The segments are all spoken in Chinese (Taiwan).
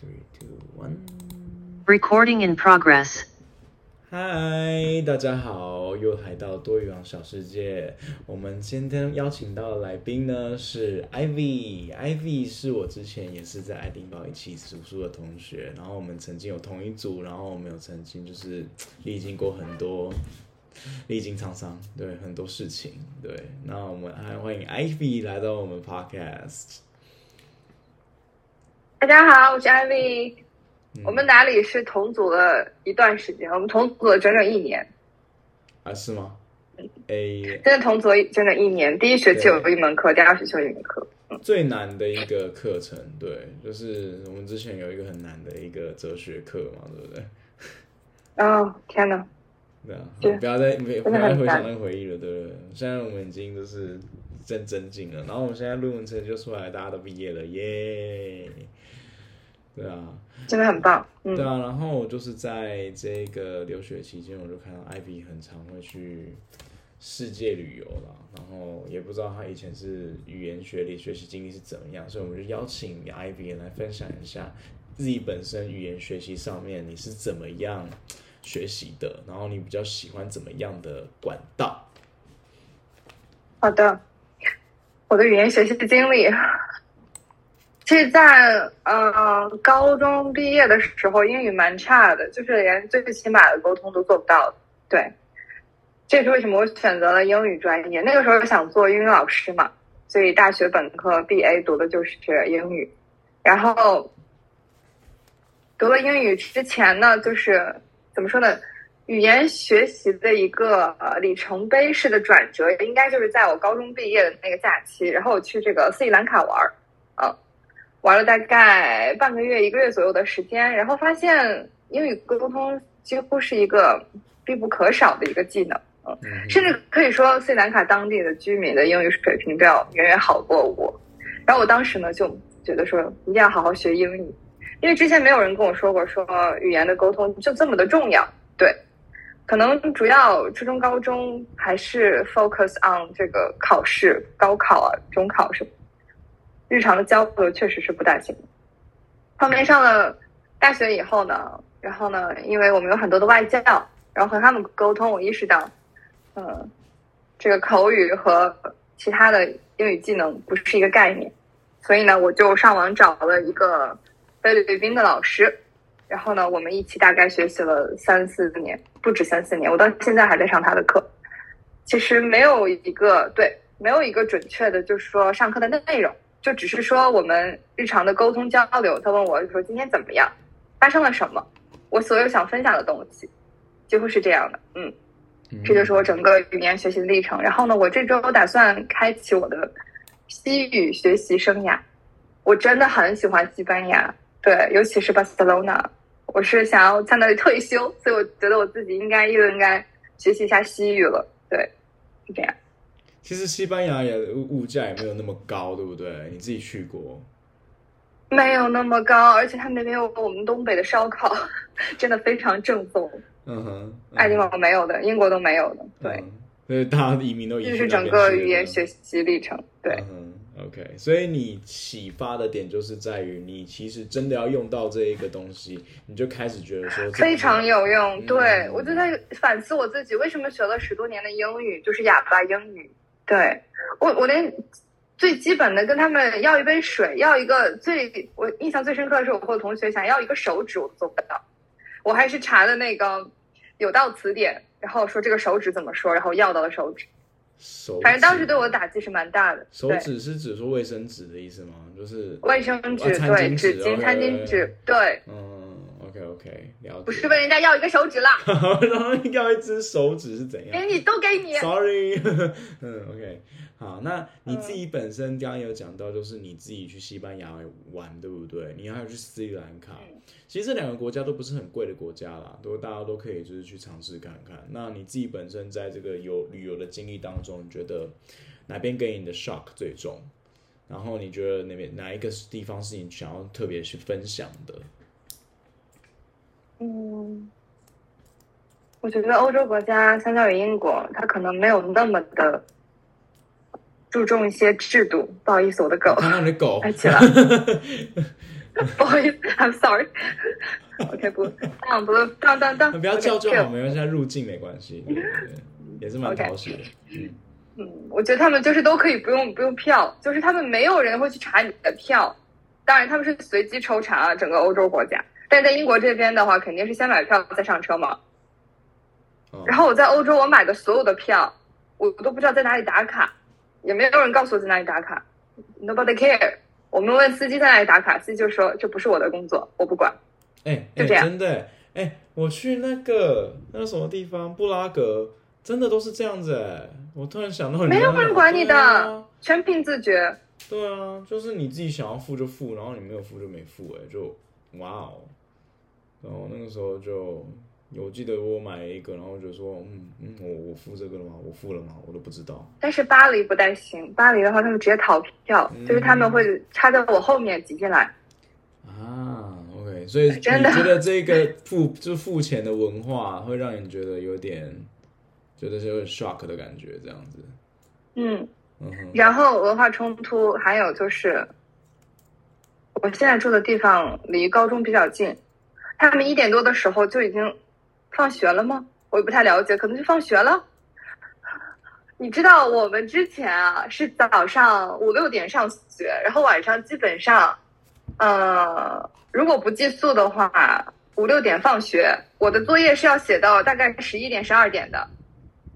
Three, two, one. Recording in progress. Hi，大家好，又來到多語王小世界。我們今天邀請到的來賓呢是 Ivy，Ivy 是我之前也是在愛丁堡一起讀書的同學，然後我們曾經有同一組，然後我們有曾經就是歷經過很多，歷經滄桑，對很多事情，對。那我們還歡迎 Ivy 來到我們 podcast。大家好，我是艾薇。嗯、我們哪裡是同組了一段時間？我們同組了整整一年。啊，是嗎？嗯，真的、欸、同組了，整整一年。第一學期有一門課對，第二學期有一門課。最難的一個課程，對，就是我們之前有一個很難的一個哲學課嘛，對不對？哦，天吶！對啊是，不要再沒不要再回想那個回憶了，對不對？現在我們已經就是真正經了，然後我們現在論文成績就出來，大家都畢業了，耶！對啊，真的很棒。對啊，嗯、然後就是在這個留學期間，我就看到 Ivy 很常會去世界旅遊了。然後也不知道他以前是語言學歷學習經歷是怎麼樣，所以我們就邀請 Ivy 來分享一下自己本身語言學習上面你是怎麼樣學習的，然後你比較喜歡怎麼樣的管道。好的，我的語言學習的經歷、啊。其實在，在、呃、嗯高中畢業的時候，英語蠻差的，就是連最起碼的溝通都做不到。對，這是為什麼我選擇了英語專業。那個時候我想做英語老師嘛，所以大學本科 BA 讀的就是這個英語。然後，讀了英語之前呢，就是怎麼說呢，語言學習的一個里程碑式的轉折，應該就是在我高中畢業的那個假期，然後我去這個斯里蘭卡玩兒、哦玩了大概半個月，一個月左右的時間，然後發現英語溝通幾乎是一個必不可少的一個技能，嗯，甚至可以說斯里蘭卡當地的居民的英語水平都要遠遠好過我。然後我當時呢就覺得說一定要好好學英語，因為之前沒有人跟我說過說語言的溝通就這麼的重要。對，可能主要初中、高中還是 focus on 這個考試，高考啊、中考什麼。日常的交流確實是不大行。後面上了大學以後呢，然後呢，因為我們有很多的外教，然後和他們溝通，我意識到，嗯、呃，這個口語和其他的英語技能不是一個概念。所以呢，我就上網找了一個菲律賓的老師，然後呢，我們一起大概學習了三四年，不止三四年，我到現在還在上他的課。其實沒有一個對，沒有一個準確的，就是說上課的內內容。就只是說我們日常的溝通交流，他問我說今天怎麼樣，發生了什麼，我所有想分享的東西，幾乎是這樣的，嗯，這就是我整個語言學習的歷程。然後呢，我這周打算開啟我的西語學習生涯，我真的很喜歡西班牙，對，尤其是巴塞羅那，我是想要在那裡退休，所以我覺得我自己應該又應，應該學習一下西語了，對。其實西班牙也物價也沒有那麼高，對不對？你自己去過？沒有那麼高，而且他那邊有我們東北的燒烤，真的非常正宗、嗯。嗯哼，愛丁堡沒有的，英國都沒有的。對，嗯、所以大家移民都移，就是整個語言學習歷程。對、嗯、，OK。所以你啟發的點就是在於，你其實真的要用到這一個東西， 你就開始覺得說、這個、非常有用。對，嗯嗯嗯，我就在反思我自己，為什麼學了十多年的英語就是啞巴英語？對我，我連最基本的跟他們要一杯水，要一個最我印象最深刻的是，我和我同學想要一個手指，我做不到。我還是查了那個有道詞典，然後說這個手指怎麼說，然後要到了手指。手指，反正當時對我的打擊是蠻大的。手指是指說衛生紙的意思嗎？就是衛生紙、啊、對紙巾、餐巾紙，okay, okay. 對，嗯。OK，你要，不是問人家要一個手指了， 然後要一隻手指是怎樣？給你都給你。Sorry， 嗯，OK，好，那你自己本身剛剛有講到，就是你自己去西班牙玩，對不對？你還有去斯里蘭卡，嗯、其實這兩個國家都不是很貴的國家啦，都大家都可以就是去嘗試看看。那你自己本身在這個有旅遊的經歷當中，你覺得哪邊給你的 shock 最重？然後你覺得哪邊哪一個地方是你想要特別去分享的？嗯，我覺得歐洲國家相較於英國，它可能沒有那麼的注重一些制度。不好意思，我的狗，看你的狗，哎起來，不好意思，I'm sorry。OK，不，當當當當當，不要叫這正我，沒關係，入境沒關係，也是蠻淘氣的。嗯，我覺得他們就是都可以不用不用票，就是他們沒有人會去查你的票。當然，他們是隨機抽查整個歐洲國家。但在英國這邊的話，肯定是先買票再上車嘛。哦、然後我在歐洲，我買的所有的票，我都不知道在哪裡打卡，也沒有人告訴我在哪裡打卡。Nobody care。我們問司機在哪裡打卡，司機就說這不是我的工作，我不管。哎，就這樣，真的哎、欸欸，我去那個那個什麼地方布拉格，真的都是這樣子哎、欸。我突然想到你，沒有人管你的，啊、全憑自覺。對啊，就是你自己想要付就付，然後你沒有付就沒付哎、欸，就哇哦。然後那個時候就，我記得我買一個，然後就說，嗯嗯，我我付這個了嗎？我付了嗎？我都不知道。但是巴黎不太行，巴黎的話，他們直接逃票，嗯、就是他們會插在我後面擠進來。啊，OK，所以真的覺得這個付的就付錢的文化，會讓你覺得有點覺得是有點 shock 的感覺，這樣子。嗯，嗯哼然後文化衝突還有就是，我現在住的地方離高中比較近。他們一點多的時候就已經放學了嗎？我也不太了解，可能就放學了。你知道我們之前啊是早上五六點上學，然後晚上基本上，呃，如果不寄宿的話，五六點放學。我的作業是要寫到大概十一點十二點的，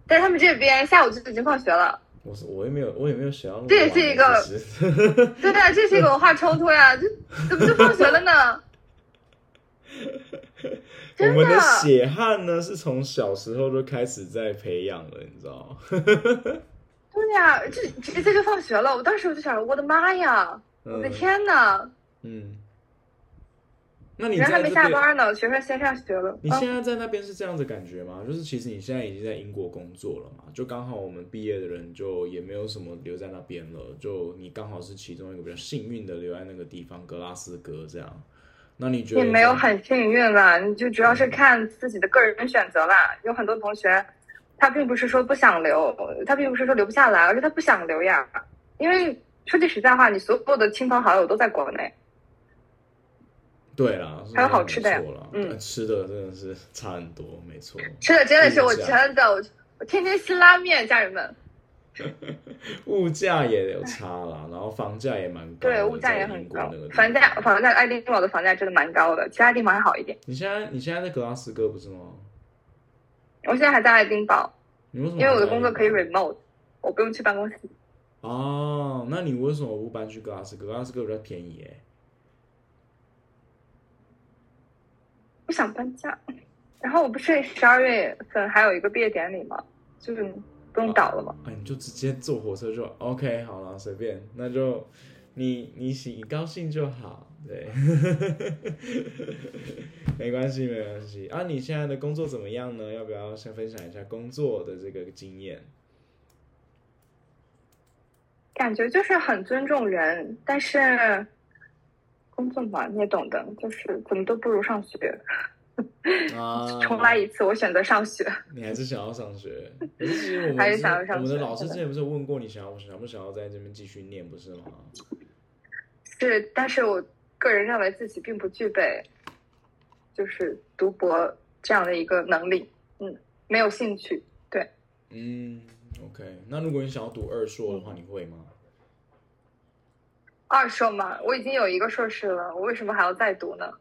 但是他們這邊下午就已經放學了。我我也沒有我也沒有寫這也是一個， 對對、啊，這是一個文化衝突呀、啊，這怎麼就放學了呢？ 真的啊、我們的血汗呢，是從小時候就開始在培養了，你知道嗎？ 對呀、啊，就直接就放學了。我當時我就想，我的媽呀，嗯、我的天哪！嗯，那你們、這個、還沒下班呢，學生先上學了。你現在在那邊是這樣的感覺嗎？就是其實你現在已經在英國工作了嘛，就剛好我們畢業的人就也沒有什麼留在那邊了，就你剛好是其中一個比較幸運的留在那個地方，格拉斯哥這樣。那你覺得，你沒有很幸運啦，你就主要是看自己的個人選擇了。有很多同學，他並不是說不想留，他並不是說留不下來，而是他不想留呀。因為說句實在話，你所有的親朋好友都在國內。對啊啦，還有好吃的呀，嗯，吃的真的是差很多，沒錯，吃的真的是我真的，我我天天吃拉麵，家人們。 物價也有差啦， 然後房價也蠻高的。對，我物價也很高。房價，房價，愛丁堡的房價真的蠻高的，其他地方還好一點。你現在，你現在在格拉斯哥不是嗎？我現在還在愛丁堡。你為什麼？因為我的工作可以 remote，我不用去辦公室。哦，oh, 那你為什麼不搬去格拉斯？格拉斯哥比較便宜耶。不想搬家。然後我不是十二月份還有一個畢業典禮嗎？就是。不用搞了嗎？哎、啊啊，你就直接坐火車就 OK 好。好了，隨便，那就你你喜高興就好，對， 沒關係，沒關係。啊，你現在的工作怎麼樣呢？要不要先分享一下工作的這個經驗？感覺就是很尊重人，但是工作嘛，你也懂的，就是怎麼都不如上學。啊， 重來一次，我選擇上學。Uh, 你還是想要上學？ 還，是是 還是想要上學？我們的老師之前不是問過你想要想不想要在這邊繼續念，不是嗎？是，但是我個人認為自己並不具備，就是讀博這樣的一個能力。嗯，沒有興趣。對。嗯，OK。那如果你想要讀二碩的話，嗯、你會嗎？二碩嘛，我已經有一個碩士了，我為什麼還要再讀呢？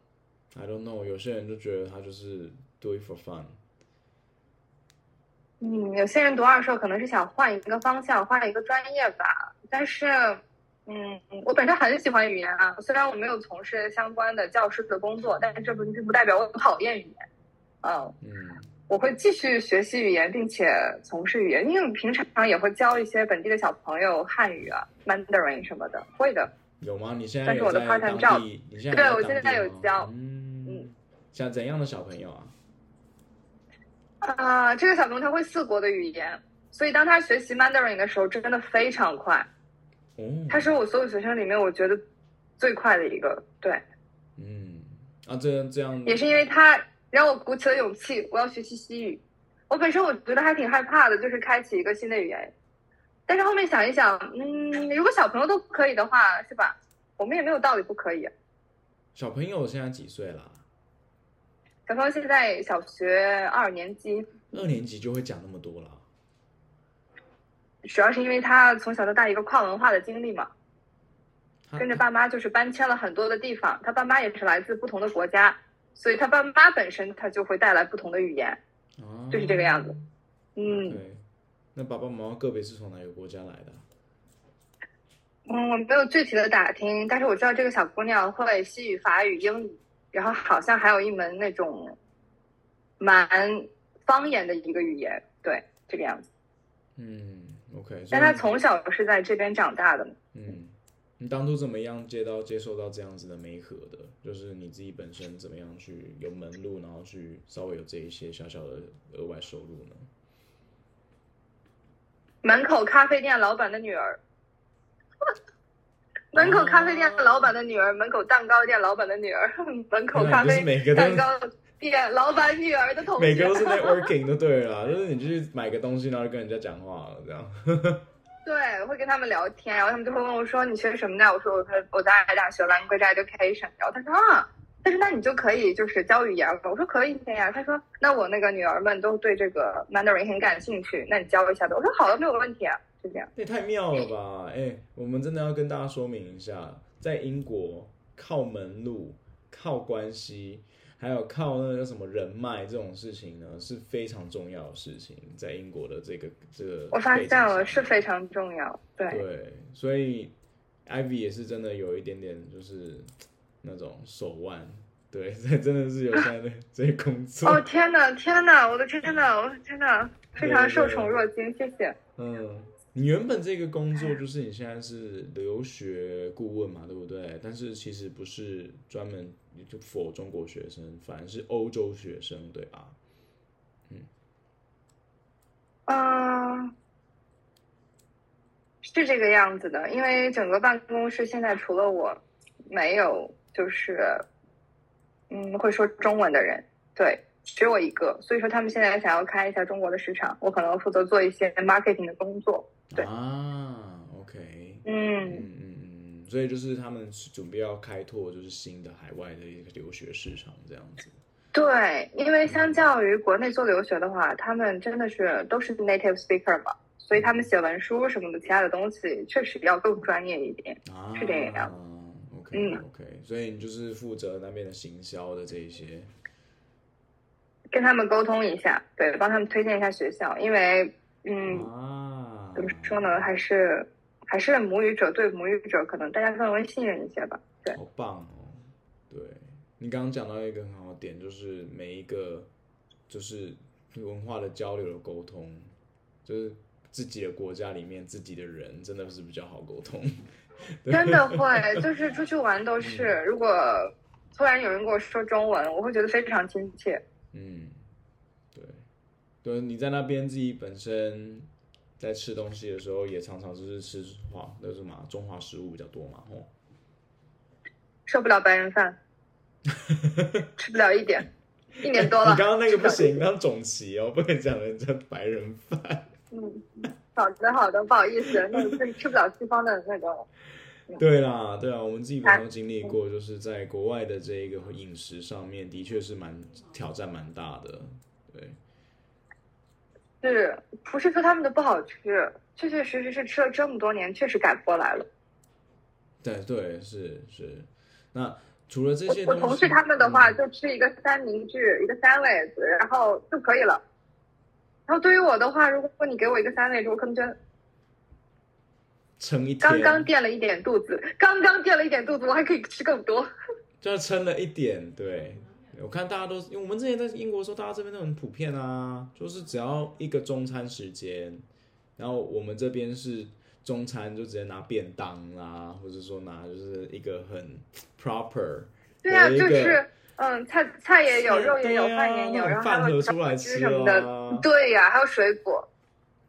I don't know，有些人就覺得他就是 do it for fun。嗯，有些人讀二碩可能是想換一個方向，換一個專業吧。但是，嗯，我本身很喜歡語言啊。雖然我沒有從事相關的教師的工作，但是這並不，不代表我討厭語言。嗯、哦、嗯，我會繼續學習語言，並且從事語言，因為我平常也會教一些本地的小朋友漢語啊，Mandarin 什麼的，會的。有嗎？你現在，在？但是我的 part time job，你現在，在，對，我現在有教。嗯像怎樣的小朋友啊？啊，這個小朋友他會四國的語言，所以當他學習 Mandarin 的時候，真的非常快。哦，他是我所有學生裡面我覺得最快的一個。對，嗯，啊，這這樣也是因為他讓我鼓起了勇氣，我要學習西語。我本身我覺得還挺害怕的，就是開啟一個新的語言。但是後面想一想，嗯，如果小朋友都可以的話，是吧？我們也沒有道理不可以啊。小朋友現在幾歲了？小芳現在小學二年級，二年級就會講那麼多了。主要是因為她從小到大一個跨文化的經歷嘛，哈跟着爸媽就是搬遷了很多的地方，她爸媽也是來自不同的國家，所以她爸媽本身她就會帶來不同的語言，啊、就是這個樣子。嗯，對。Okay. 那爸爸媽媽個別是從哪個國家來的？嗯，我沒有具體的打聽，但是我知道這個小姑娘會西語、法語、英語。然後好像還有一門那種，蠻方言的一個語言，對，這個樣子。嗯，OK。但他從小不是在這邊長大的嗎？嗯。你當初怎麼樣接到接受到這樣子的媒合的？就是你自己本身怎麼樣去有門路，然後去稍微有這一些小小的額外收入呢？門口咖啡店老板的女兒。門口咖啡店的老闆的女兒，門口蛋糕店老闆的女兒，門口咖啡蛋糕店老闆女兒的同學，每個都是在 working 都對了， 就是你去買個東西，然後跟人家講話這樣。 對，會跟他們聊天，然後他們就會問我說，你學什麼的？我說我我在大學 language education。然後他說啊，他說，那你就可以就是教語言了。我說可以的呀、啊。他說，那我那個女兒們都對這個 Mandarin 很感興趣，那你教一下唄。我說好的，沒有問題、啊。這太妙了吧！哎，我們真的要跟大家說明一下，在英國靠門路、靠關係，還有靠那個什麼人脈這種事情呢，是非常重要的事情。在英國的這個這個，我發現了是非常重要。對，對，所以 Ivy 也是真的有一點點，就是那種手腕。對，這真的是有在在工作。啊、哦天哪，天哪，我的天哪，我的天哪，非常受寵若驚，謝謝。對對對嗯。你原本這個工作就是你現在是留學顧問嘛，對不對？但是其實不是專門就 for 中國學生，反而是歐洲學生，對吧？嗯，嗯，uh, 是這個樣子的。因為整個辦公室現在除了我，沒有就是嗯會說中文的人，對。只有我一個，所以說他們現在想要開一下中國的市場，我可能負責做一些 marketing 的工作。對啊，OK，嗯嗯嗯，所以就是他們準備要開拓就是新的海外的一個留學市場這樣子。對，因為相較於國內做留學的話，他們真的是都是 native speaker 嘛，所以他們寫文書什麼的，其他的東西確實要更專業一點，啊、是這樣。OK、啊、OK、okay、嗯、所以你就是負責那邊的行銷的這一些。跟他們溝通一下，對，幫他們推薦一下學校，因為，嗯，怎麼、啊、說呢，還是還是母語者對母語者可能大家更容易信任一些吧，對。好棒哦，對，你剛剛講到一個很好的點，就是每一個就是文化的交流的溝通，就是自己的國家裡面自己的人，真的是比較好溝通。對真的會，就是出去玩都是，嗯，如果突然有人跟我說中文，我會覺得非常親切。嗯，對，對，你在那邊自己本身在吃東西的時候，也常常就是吃華，就是嘛，中華食物比較多嘛，吼、哦，受不了白人飯， 吃不了一點，一年多了。欸、你剛剛那個不行，不你剛剛總齊哦，不能講人家白人飯。 嗯，好的好的，不好意思，那個是吃不了西方的那個。對啦，對啊，我們自己也都經歷過，就是在國外的這一個飲食上面，的確是蠻挑戰，蠻大的，對。是，不是說他們的不好吃，確確實實是吃了這麼多年，確實改不過來了。對對，是是。那除了這些東西，我同事他們的話，嗯、就吃一個三明治，一個 sandwich，然後就可以了。然後對於我的話，如果說你給我一個 sandwich，我可能覺得。撐一點，剛剛墊了一點肚子，剛剛墊了一點肚子，我還可以吃更多， 就撐了一點。對，我看大家都，因為我們之前在英國的時候，大家這邊都很普遍啊，就是只要一個中餐時間，然後我們這邊是中餐就直接拿便當啦、啊，或者說拿就是一個很 proper，對啊，就是嗯，菜菜也有，是肉也有，啊、飯也有，然後飯盒出來吃、啊、什麼的，對呀、啊，還有水果。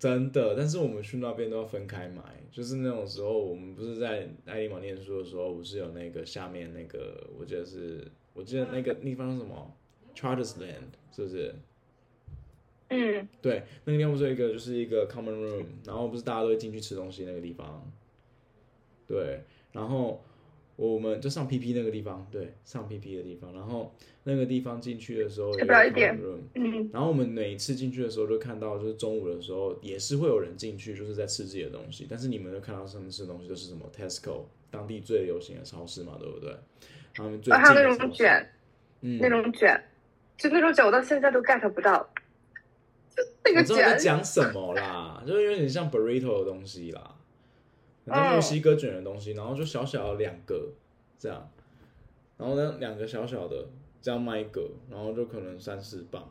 真的，但是我們去那邊都要分開買，就是那種時候，我們不是在愛丁堡念書的時候，不是有那個下面那個，我記得是，我記得那個地方是什麼，Charters Land 是不是？嗯，對，那個地方不是一個就是一個 common room，然後不是大家都會進去吃東西那個地方，對，然後。我們就上 PP 那個地方，對，上 PP 的地方，然後那個地方進去的時候也比較一點，嗯，然後我們每一次進去的時候都看到，就是中午的時候也是會有人進去，就是在吃自己的東西，但是你們就看到上面吃的東西都是什麼 Tesco 當地最流行的超市嘛，對不對？然後還有那種捲，嗯，那種捲，就那種捲我到現在都 get 不到，就那個捲你知道在講什麼啦， 就是有點像 Burrito 的東西啦。像墨西哥捲的東西，oh. 然後就小小的兩個，這樣，然後呢，兩個小小的這樣賣一個，然後就可能三四磅，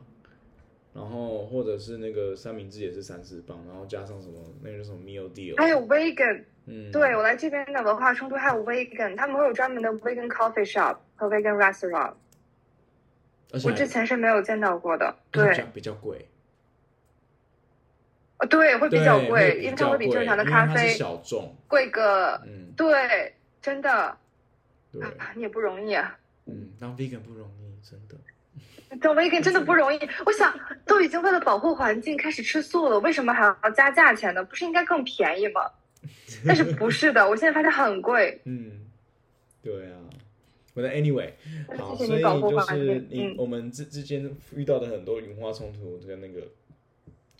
然後或者是那個三明治也是三四磅，然後加上什麼，那個什麼 meal deal，還有 vegan，嗯，對，我來這邊的文化衝突，還有 vegan，他們會有專門的 vegan coffee shop 和 vegan restaurant，而且我之前是沒有見到過的，對，嗯、比較貴。啊，對，會比較貴，較貴，因為它會比正常的咖啡小眾。貴個，嗯，對，真的對、啊，你也不容易啊，嗯，當 vegan 不容易，真的，當 vegan 真的不容易，我想都已經為了保護環境開始吃素了，為什麼還要加價錢呢？不是應該更便宜嗎？ 但是不是的，我現在發現很貴，嗯，對啊，我的 anyway，謝謝你保護環境。所以就是，嗯，我們之之間遇到的很多文化衝突跟那個。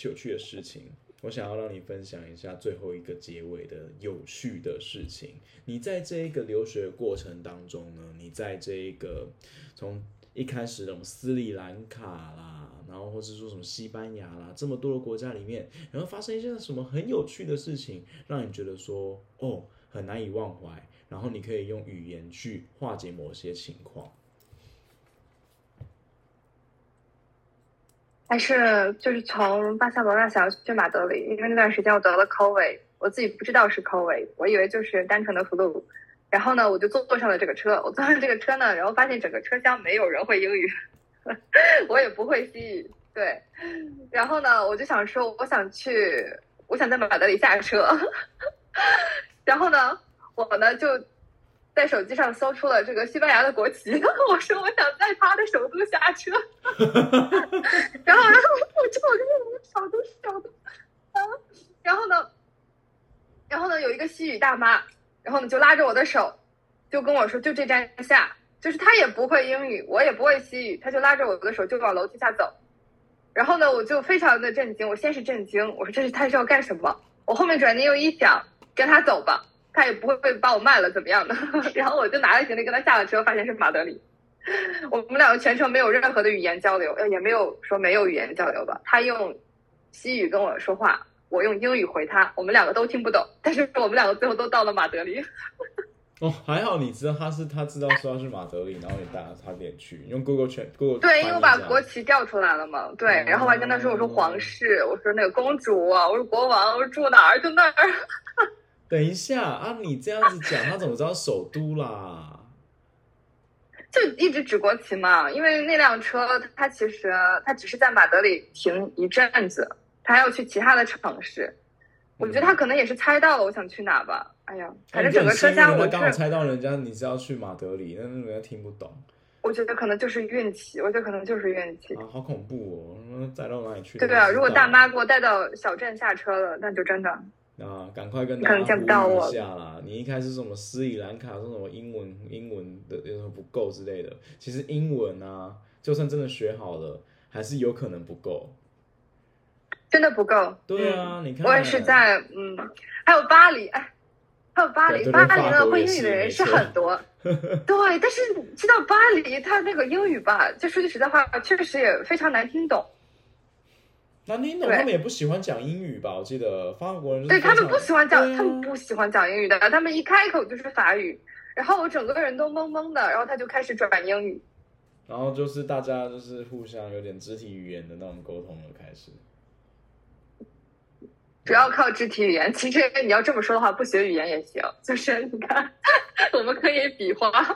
有趣的事情，我想要讓你分享一下最後一個結尾的有趣的事情。你在這一個留學的過程當中呢，你在這一個從一開始的斯里蘭卡啦，然後或是說什麼西班牙啦，這麼多的國家裡面，然後發生一些什麼很有趣的事情，讓你覺得說哦，很難以忘懷，然後你可以用語言去化解某些情況？但是就是從巴塞羅那想要去馬德里，因為那段時間我得了 Covid，我自己不知道是 Covid，我以為就是單純的 flu，然後呢，我就坐坐上了這個車，我坐上這個車呢，然後發現整個車廂沒有人會英語，我也不會西語，對。然後呢，我就想說，我想去，我想在馬德里下車。然後呢，我呢就。在手機上搜出了這個西班牙的國旗，然後，我說我想在他的首都下車，然後，然後我就問他首都，首都啊，然後呢，然後呢，有一個西語大媽，然後呢就拉着我的手，就跟我說就這站下，就是他也不會英語，我也不會西語，他就拉着我的手就往樓梯下走，然後呢，我就非常的震驚，我先是震驚，我說這是她是要幹什麼？我後面轉念又一想，跟他走吧。他也不會被把我賣了怎麼樣的， 然後我就拿著行李跟他下了車，發現是馬德里。 我們兩個全程沒有任何的語言交流，也沒有說沒有語言交流吧。他用西語跟我說話，我用英語回他，我們兩個都聽不懂，但是我們兩個最後都到了馬德里。 哦，還好你知道他是他知道說他是馬德里， 然後也帶了他點去，用 Google check, Google 地圖。對，因為我把國旗調出來了嘛，對，嗯、然後我還跟他說、嗯、我說皇室，我說那個公主、啊，嗯、我說國王，我說住哪兒就那兒。 等一下啊！你這樣子講，啊、他怎麼知道首都啦？就一直指國旗嘛，因為那輛車，他其實他只是在馬德里停一陣子，他要去其他的城市。我覺得他可能也是猜到了我想去哪吧。哎呀，反正、啊、整個車廂，我剛好猜到人家你是要去馬德里，但是人家聽不懂我。我覺得可能就是運氣，我覺得可能就是運氣啊！好恐怖哦！我載到哪裡去？對對吧啊，如果大媽給我帶到小鎮下車了，那就真的。啊，趕快跟大家普及一下啦！你一開始什麼斯里蘭卡說什麼英文，英文的有什麼不夠之類的，其實英文啊，就算真的學好了，還是有可能不夠，真的不夠。對啊，你看，我也是在嗯，還有巴黎，哎，還有巴黎，巴黎呢，會英語的人是很多， 對。但是你知道巴黎，它那個英語吧，就說句實在話，確實也非常難聽懂。那聽懂他們也不喜歡講英語吧？我記得法國人是，對，他們不喜歡講，嗯、他們不喜歡講英語的，他們一開一口就是法語，然後我整個人都懵懵的，然後他就開始轉英語，然後就是大家就是互相有點肢體語言的那種溝通了，開始主要靠肢體語言。其實你要這麼說的話，不學語言也行，就是你看， 我們可以比劃、哦，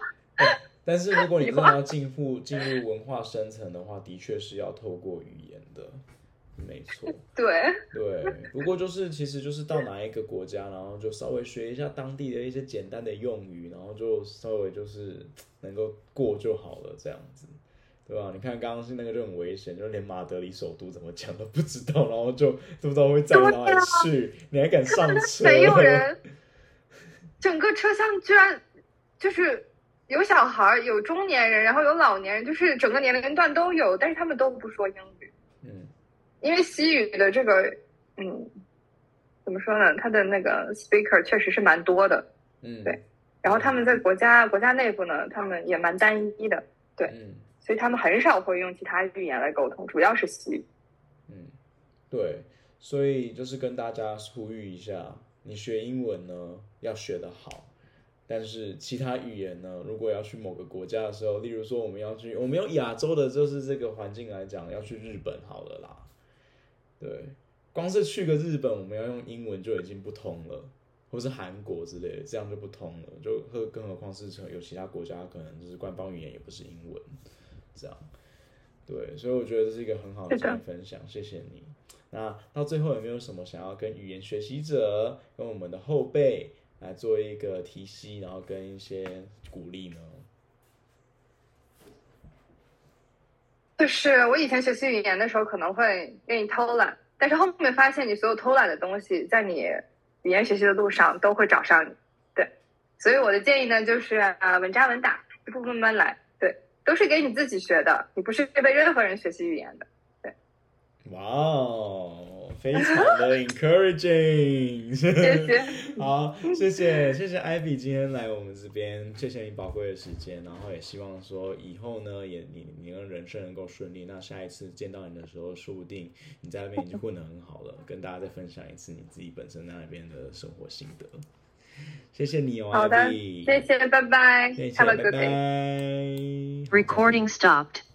但是如果你真的要進入划進入文化深層的話，的確是要透過語言的。沒錯，對對，不過就是其實就是到哪一個國家，然後就稍微學一下當地的一些簡單的用語，然後就稍微就是能夠過就好了，這樣子，對吧？你看剛剛是那個就很危險，就連馬德裡首都怎麼講都不知道，然後就都不知道會走到哪裡去，對吧？你還敢上車？沒有人，整個車廂居然就是有小孩，有中年人，然後有老年人，就是整個年齡段都有，但是他們都不說英語。因為西語的這個，嗯，怎麼說呢？他的那個 speaker 確實是蠻多的，嗯，對。然後他們在國家、嗯、國家內部呢，他們也蠻單一的，對，嗯、所以他們很少會用其他語言來溝通，主要是西語，嗯，對。所以就是跟大家呼籲一下，你學英文呢要學得好，但是其他語言呢，如果要去某個國家的時候，例如說我們要去我們用亞洲的，就是這個環境來講，要去日本好了啦。對，光是去個日本，我們要用英文就已經不通了，或是韓國之類的，這樣就不通了。就更更何況是有其他國家，可能就是官方語言也不是英文，這樣。對，所以我覺得這是一個很好的經驗分享，謝謝你。那到最後有沒有什麼想要跟語言學習者、跟我們的後輩來做一個提醒，然後跟一些鼓勵呢？就是我以前學習語言的時候，可能會願意偷懶，但是後面發現你所有偷懶的東西，在你語言學習的路上都會找上你。對，所以我的建議呢，就是啊，穩扎穩打，一步步慢慢來。對，都是給你自己學的，你不是被任何人學習語言的。對。哇哦。非常的 encouraging，謝謝， 好，謝謝，謝謝 Ivy 今天來我們這邊，謝謝你寶貴的時間，然後也希望說以後呢，也你你的人生能夠順利，那下一次見到你的時候，說不定你在那邊已經混得很好了，跟大家再分享一次你自己本身那邊的生活心得，謝謝你哦，Ivy< 的>，IV 謝謝，拜拜，謝謝，拜拜，Recording stopped。